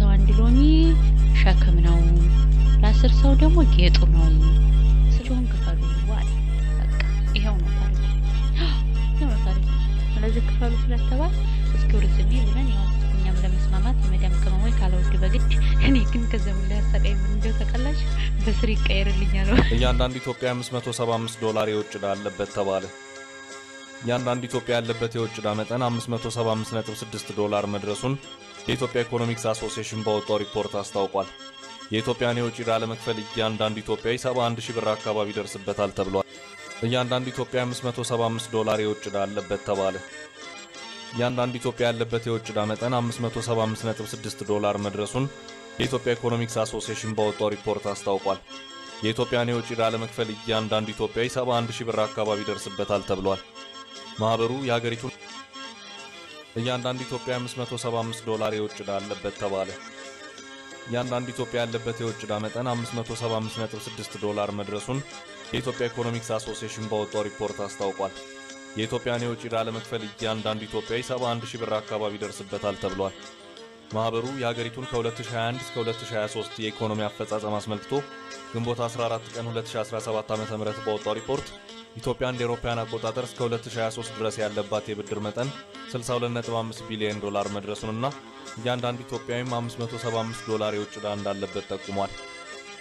ሰው አንድ ሎሚ ሸክም ነው፣ ለአስር ሰው ደግሞ ጌጡ ነው። ስለሆን ክፈሉ ዋል ይኸው ነው ታሪክ፣ ይኸው ነው ታሪክ። ስለዚህ ክፈሉ ስለተባል እስኪ ውርዝ የሚል ብለን ያው እኛም ለመስማማት የመዳም ቅመም ወይ ካለወድ በግድ እኔ ግን ከዛ ሁላ ያሰቃይ እንደው ተቀላሽ በስር ይቀየርልኛ ይቀየርልኛል። እያንዳንዱ ኢትዮጵያ አምስት መቶ ሰባ አምስት ዶላር የውጭ ዕዳ አለበት ተባለ። እያንዳንዱ ኢትዮጵያ ያለበት የውጭ ዕዳ መጠን 575.6 ዶላር መድረሱን የኢትዮጵያ ኢኮኖሚክስ አሶሲሽን ባወጣው ሪፖርት አስታውቋል። የኢትዮጵያን የውጭ ዕዳ ለመክፈል እያንዳንዱ ኢትዮጵያዊ 71 ሺህ ብር አካባቢ ይደርስበታል ተብሏል። እያንዳንዱ ኢትዮጵያ 575 ዶላር የውጭ ዕዳ አለበት ተባለ። እያንዳንዱ ኢትዮጵያ ያለበት የውጭ ዕዳ መጠን 575.6 ዶላር መድረሱን የኢትዮጵያ ኢኮኖሚክስ አሶሲሽን ባወጣው ሪፖርት አስታውቋል። የኢትዮጵያን የውጭ ዕዳ ለመክፈል እያንዳንዱ ኢትዮጵያዊ 71 ሺህ ብር አካባቢ ይደርስበታል ተብሏል። ማኅበሩ የሀገሪቱን እያንዳንድ ኢትዮጵያ 575 ዶላር የውጭ ዕዳ አለበት ተባለ። እያንዳንድ ኢትዮጵያ ያለበት የውጭ ዕዳ መጠን 575.6 ዶላር መድረሱን የኢትዮጵያ ኢኮኖሚክስ አሶሲሽን ባወጣው ሪፖርት አስታውቋል። የኢትዮጵያን የውጭ ዕዳ ለመክፈል እያንዳንዱ ኢትዮጵያዊ 71 ሺህ ብር አካባቢ ይደርስበታል ተብሏል። ማኅበሩ የሀገሪቱን ከ2021 እስከ 2023 የኢኮኖሚ አፈጻጸም አስመልክቶ ግንቦት 14 ቀን 2017 .ም ባወጣው ሪፖርት ኢትዮጵያ እንደ አውሮፓውያን አቆጣጠር እስከ 2023 ድረስ ያለባት የብድር መጠን 62.5 ቢሊዮን ዶላር መድረሱንና እያንዳንዱ ኢትዮጵያዊም 575 ዶላር የውጭ ዕዳ እንዳለበት ጠቁሟል።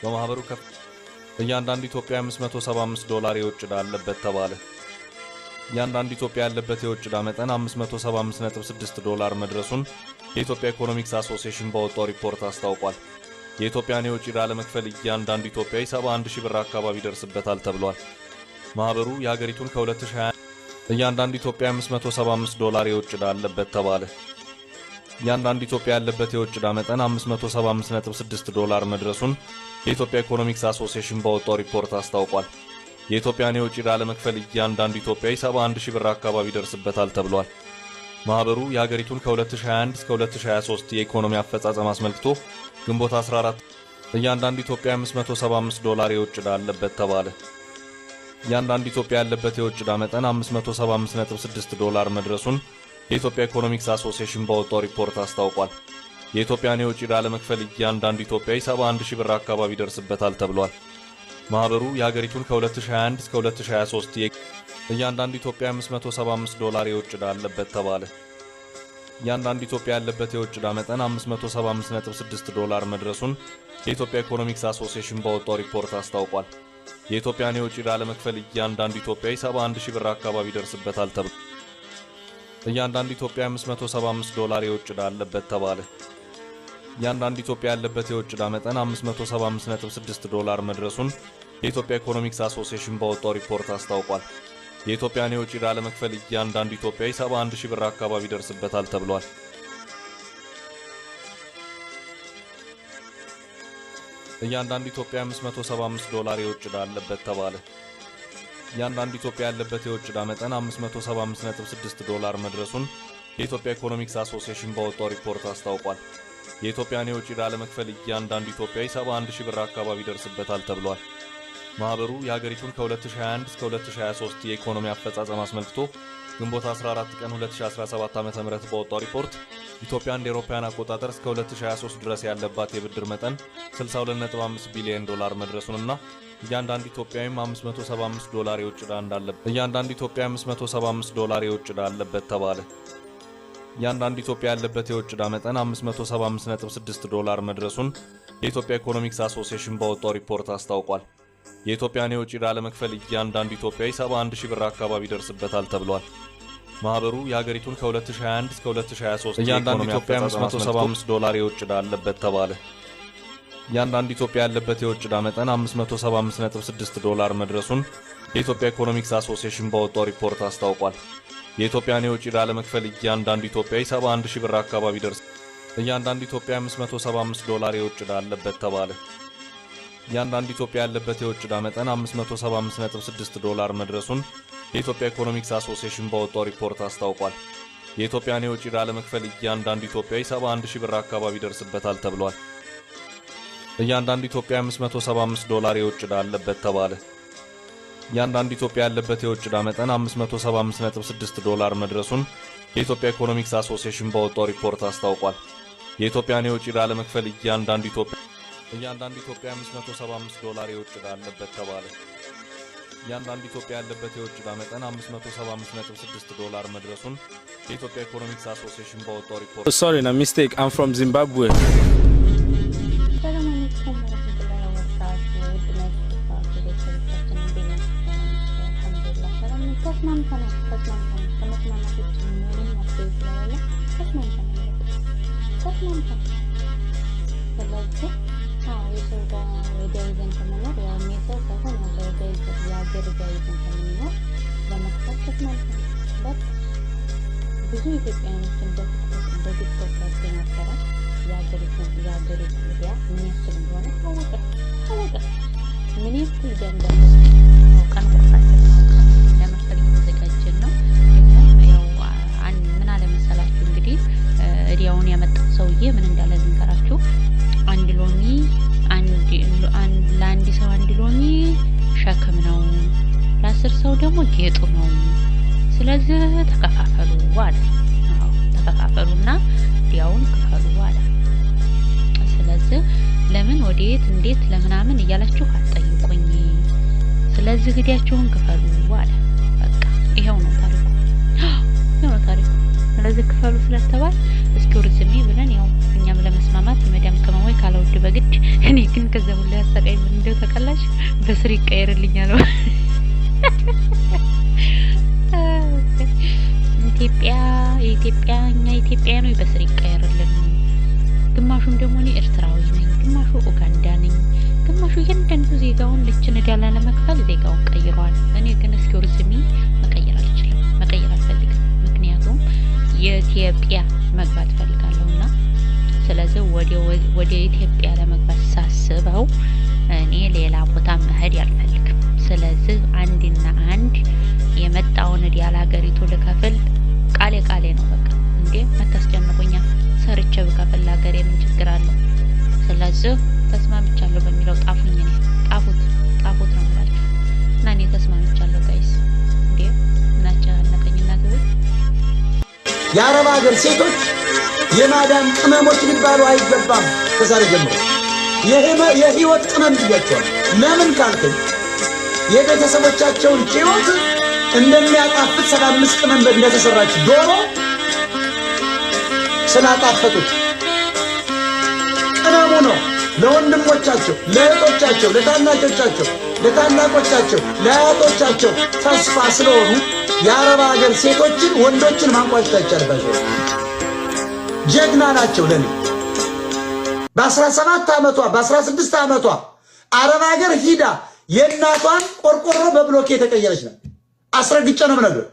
በማህበሩ ከፍ እያንዳንዱ ኢትዮጵያ 575 ዶላር የውጭ ዕዳ አለበት ተባለ። እያንዳንዱ ኢትዮጵያ ያለበት የውጭ ዕዳ መጠን 575.6 ዶላር መድረሱን የኢትዮጵያ ኢኮኖሚክስ አሶሲዬሽን ባወጣው ሪፖርት አስታውቋል። የኢትዮጵያን የውጭ ዕዳ ለመክፈል እያንዳንዱ ኢትዮጵያዊ 71 ሺህ ብር አካባቢ ይደርስበታል ተብሏል። ማህበሩ የአገሪቱን ከ 2021 እያንዳንድ ኢትዮጵያ 575 ዶላር የውጭ ዕዳ አለበት ተባለ። እያንዳንድ ኢትዮጵያ ያለበት የውጭ ዕዳ መጠን 575.6 ዶላር መድረሱን የኢትዮጵያ ኢኮኖሚክስ አሶሲሽን ባወጣው ሪፖርት አስታውቋል። የኢትዮጵያን የውጭ ዕዳ ለመክፈል እያንዳንዱ ኢትዮጵያዊ 71 ሺህ ብር አካባቢ ይደርስበታል ተብሏል። ማኅበሩ የአገሪቱን ከ2021 እስከ 2023 የኢኮኖሚ አፈጻጸም አስመልክቶ ግንቦት 14 እያንዳንዱ ኢትዮጵያ 575 ዶላር የውጭ ዕዳ አለበት ተባለ። እያንዳንዱ ኢትዮጵያ ያለበት የውጭ ዕዳ መጠን 575.6 ዶላር መድረሱን የኢትዮጵያ ኢኮኖሚክስ አሶሲሽን ባወጣው ሪፖርት አስታውቋል። የኢትዮጵያን የውጭ ዕዳ ለመክፈል እያንዳንዱ ኢትዮጵያዊ 71 ሺህ ብር አካባቢ ይደርስበታል ተብሏል። ማኅበሩ የሀገሪቱን ከ2021 እስከ 2023 እያንዳንዱ ኢትዮጵያ 575 ዶላር የውጭ ዕዳ አለበት ተባለ። እያንዳንዱ ኢትዮጵያ ያለበት የውጭ ዕዳ መጠን 575.6 ዶላር መድረሱን የኢትዮጵያ ኢኮኖሚክስ አሶሲሽን ባወጣው ሪፖርት አስታውቋል። የኢትዮጵያን የውጭ ዕዳ ለመክፈል እያንዳንዱ ኢትዮጵያዊ 71 ሺህ ብር አካባቢ ይደርስበታል ተብሎ እያንዳንዱ ኢትዮጵያ 575 ዶላር የውጭ ዕዳ አለበት ተባለ። እያንዳንድ ኢትዮጵያ ያለበት የውጭ ዕዳ መጠን 575.6 ዶላር መድረሱን የኢትዮጵያ ኢኮኖሚክስ አሶሲሽን ባወጣው ሪፖርት አስታውቋል። የኢትዮጵያን የውጭ ዕዳ ለመክፈል እያንዳንዱ ኢትዮጵያዊ 71 ሺህ ብር አካባቢ ይደርስበታል ተብሏል። እያንዳንዱ ኢትዮጵያ 575 ዶላር የውጭ ዕዳ አለበት ተባለ። እያንዳንዱ ኢትዮጵያ ያለበት የውጭ ዕዳ መጠን 575.6 ዶላር መድረሱን የኢትዮጵያ ኢኮኖሚክስ አሶሲሽን ባወጣው ሪፖርት አስታውቋል። የኢትዮጵያን የውጭ ዕዳ ለመክፈል እያንዳንዱ ኢትዮጵያዊ 71 ሺህ ብር አካባቢ ይደርስበታል ተብሏል። ማኅበሩ የአገሪቱን ከ2021 እስከ 2023 የኢኮኖሚ አፈጻጸም አስመልክቶ ግንቦት 14 ቀን 2017 ም ባወጣው ሪፖርት ኢትዮጵያ እንደ አውሮፓውያን አቆጣጠር እስከ 2023 ድረስ ያለባት የብድር መጠን 62.5 ቢሊዮን ዶላር መድረሱንና እያንዳንዱ ኢትዮጵያዊም 575 ዶላር የውጭ ዕዳ እንዳለበት እያንዳንዱ ኢትዮጵያ 575 ዶላር የውጭ ዕዳ አለበት ተባለ። እያንዳንዱ ኢትዮጵያ ያለበት የውጭ ዕዳ መጠን 575.6 ዶላር መድረሱን የኢትዮጵያ ኢኮኖሚክስ አሶሲዬሽን ባወጣው ሪፖርት አስታውቋል። የኢትዮጵያን የውጭ ዕዳ ለመክፈል እያንዳንዱ ኢትዮጵያዊ 71 ሺህ ብር አካባቢ ይደርስበታል ተብሏል። ማህበሩ የሀገሪቱን ከ2021 እስከ 2023 እያንዳንዱ ኢትዮጵያ 575 ዶላር የውጭ ዕዳ አለበት ተባለ። እያንዳንዱ ኢትዮጵያ ያለበት የውጭ ዕዳ መጠን 575.6 ዶላር መድረሱን የኢትዮጵያ ኢኮኖሚክስ አሶሲሽን ባወጣው ሪፖርት አስታውቋል። የኢትዮጵያን የውጭ ዕዳ ለመክፈል እያንዳንዱ ኢትዮጵያዊ 71 ሺህ ብር አካባቢ ደርስ እያንዳንዱ ኢትዮጵያ 575 ዶላር የውጭ ዕዳ አለበት ተባለ። እያንዳንዱ ኢትዮጵያ ያለበት የውጭ ዕዳ መጠን 575.6 ዶላር መድረሱን የኢትዮጵያ ኢኮኖሚክስ አሶሲሽን ባወጣው ሪፖርት አስታውቋል። የኢትዮጵያን የውጭ ዕዳ ለመክፈል እያንዳንዱ ኢትዮጵያዊ 71 ሺህ ብር አካባቢ ይደርስበታል ተብሏል። እያንዳንዱ ኢትዮጵያ 575 ዶላር የውጭ ዕዳ አለበት ተባለ። እያንዳንዱ ኢትዮጵያ ያለበት የውጭ ዕዳ መጠን 575.6 ዶላር መድረሱን የኢትዮጵያ ኢኮኖሚክስ አሶሲሽን ባወጣው ሪፖርት አስታውቋል። የኢትዮጵያን የውጭ ዕዳ ለመክፈል እያንዳንዱ ኢትዮጵያ እያንዳንዱ ኢትዮጵያ 575 ዶላር የውጭ ዕዳ አለበት ተባለ። እያንዳንዱ ኢትዮጵያ ያለበት የውጭ ዕዳ መጠን 575.6 ዶላር መድረሱን የኢትዮጵያ ኢኮኖሚክስ አሶሲዬሽን ባወጣው ሪፖርት ሶሪ ና ሚስቴክ አም ፍሮም ዚምባብዌ Thank you. የሰው ጋር ከመኖር ያው ሳይሆን ወደ የሀገር ከመኖር ለመካተት ማለት ነው። በት ብዙ ኢትዮጵያኖችን በቲክቶክ ያገ ነበረ የሀገር ዙሪያ ምን ያክል እንደሆነ ታወቀ ታወቀ ምን ያክል ገንደ ቀን ደግሞ ጌጡ ነው። ስለዚህ ተከፋፈሉ አለ። አዎ ተከፋፈሉና ዲያውን ክፈሉ አለ። ስለዚህ ለምን ወዴት፣ እንዴት፣ ለምናምን እያላችሁ አትጠይቁኝ። ስለዚህ ግዲያችሁን ክፈሉ አለ። በቃ ይሄው ነው ታሪኩ፣ ይሄው ነው ታሪኩ። ስለዚህ ክፈሉ ስለተባል እስኪ ርዝሜ ብለን ያው እኛም ለመስማማት የመዳም ከመሞይ ካለውድ በግድ እኔ ግን ከዛ ሁሉ ያሰቃይ ምን እንደው ተቀላሽ በስሪቀ የኢትዮጵያ እኛ ነው በስር ይቀየርልን። ግማሹም ደግሞ እኔ ኤርትራዊ ነኝ፣ ግማሹ ኡጋንዳ ነኝ፣ ግማሹ እያንዳንዱ ዜጋውን ልችን ዕዳ ላለመክፈል ዜጋውን ቀይሯል። እኔ ግን እስኪ ርዝሚ መቀየር አልችልም፣ መቀየር አልፈልግም። ምክንያቱም የኢትዮጵያ መግባት ፈልጋለሁ እና ስለዚህ ወደ ኢትዮጵያ ለመግባት ሳስበው እኔ ሌላ ቦታ መሄድ አልፈልግም። ስለዚህ አንድና አንድ የመጣውን ዕዳ ለሀገሪቱ ልከፍል ቃሌ ቃሌ ነው በቃ እንዴ መታስጨንቁኛ ሰርቼ ብከፍል ሀገሬ የምን ችግር አለው? ስለዚህ ተስማምቻለሁ በሚለው ጣፉኝ እኔ ጣፉት ጣፉት ነው ምላችሁ እና እኔ ተስማምቻለሁ ጋይስ እንዴ ምናጨናነቀኝ እናት ወይ የአረብ ሀገር ሴቶች የማዳም ቅመሞች ሊባሉ አይገባም ከዛሬ ጀምሮ የህይወት ቅመም ትያቸዋል ለምን ካልከኝ የቤተሰቦቻቸውን ህይወት እንደሚያጣፍጥ ሰባ አምስት ቅመም እንደተሰራች ዶሮ ስላጣፈጡት ቅመሙ ነው። ለወንድሞቻቸው፣ ለእህቶቻቸው፣ ለታናቾቻቸው፣ ለታላቆቻቸው፣ ለአያቶቻቸው ተስፋ ስለሆኑ የአረብ ሀገር ሴቶችን ወንዶችን ማንቋሸሽ አይቻልባቸው። ጀግና ናቸው። ለኔ በ17 ዓመቷ በ16 ዓመቷ አረብ ሀገር ሂዳ የእናቷን ቆርቆሮ በብሎኬ የተቀየረች ነው። አስረግጬ ነው የምነግርህ።